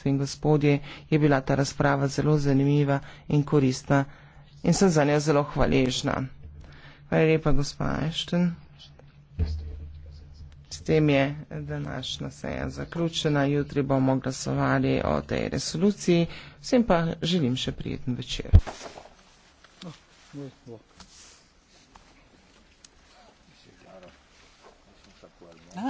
gospe in gospodje, je bila ta razprava zelo zanimiva in koristna in sem za njo zelo hvaležna. Hvala lepa, gospa Ešten. S tem je današnja seja zaključena, jutri bomo glasovali o tej resoluciji. Vsem pa želim še prijeten večer. Ah.